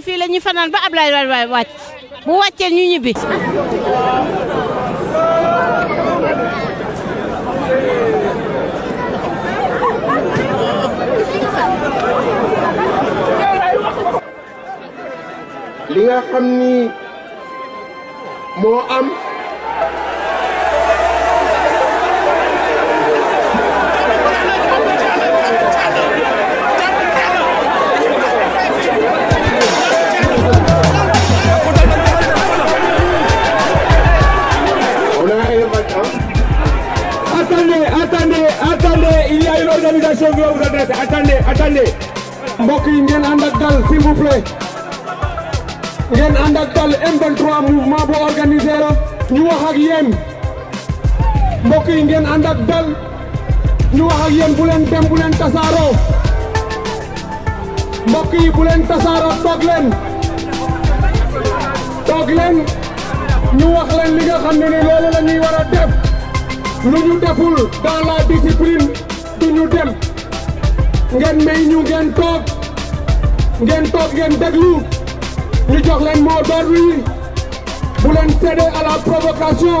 fii la ñuy fanaan ba Ablaye Wade wàcc ñu ñibbi. li nga xam ni moo am. attendez attendez attendez mbokk yi dal s'il vous plaît ngeen dal M23 mouvement bo organisé la ñu wax ak yéen mbokk dal ñu wax ak yéen bu leen dem bu leen tasaaroo mbokk bu leen tasaaroo toog leen toog leen ñu wax li nga ni la ñuy def lu ñu deful dans la discipline du ñu dem ngeen may ñu ngeen toog ngeen toog ngeen déglu ñu jox leen mort door wi bu céder à la provocation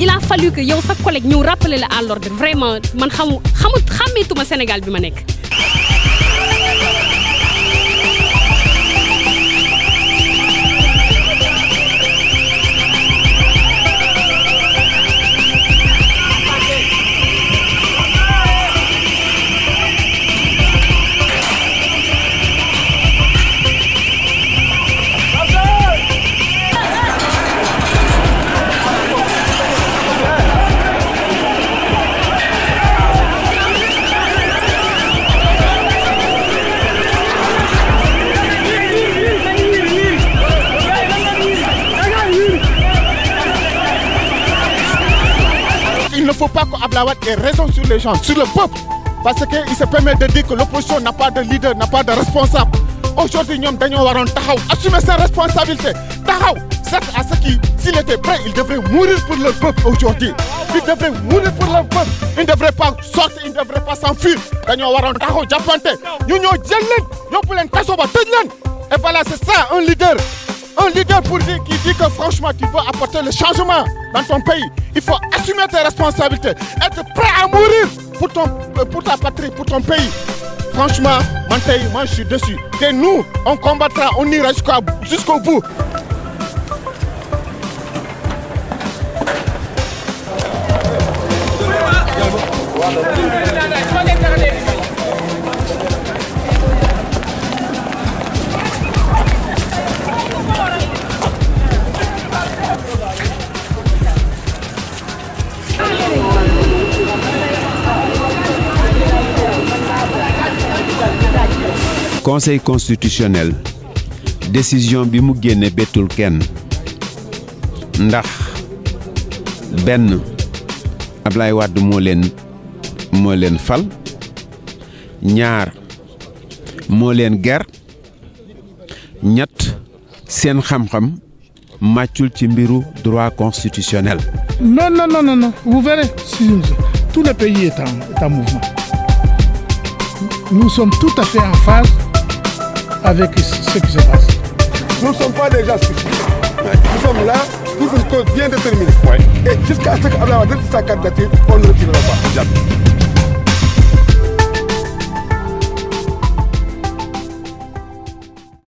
il a fallu que yow sa collègue ñëw rappeler à l'ordre vraiment man xam xamut xàmmeetuma Sénégal bi ma pas Ablawat ait raison sur les gens, sur le peuple. Parce qu'il se permet de dire que l'opposition n'a pas de leader, n'a pas de responsable. Aujourd'hui, nous devons assumer ses responsabilités. Tahaou, à ce qui, s'il était prêt, il devrait mourir pour le peuple aujourd'hui. Il devrait mourir pour le peuple. Il ne devrait pas sortir, il ne devrait pas s'enfuir. Nous devons Tahaou, Japante. Nous devons nous devons Et voilà, c'est ça, un leader. Un leader pour qui dit que franchement tu veux apporter le changement dans ton pays, il faut assumer tes responsabilités, être prêt à mourir pour, euh, pour ta patrie, pour ton pays. Franchement, moi je suis dessus. Et nous, on combattra, on ira jusqu'au bout. conseil constitutionnel décision bi mu génne Ben, kenn ndax benn Ablaye Wade fal ñaar Molen Guerre, guerre ñett sen xam-xam droit constitutionnel. non non non non vous verrez tout le pays est en, est en mouvement nous sommes tout à fait en phase avec ce qui se passe. Nous ne sommes pas des gens Nous sommes là pour une cause bien déterminée. Et jusqu'à ce qu'Abdallah sa candidature, on ne retirera pas.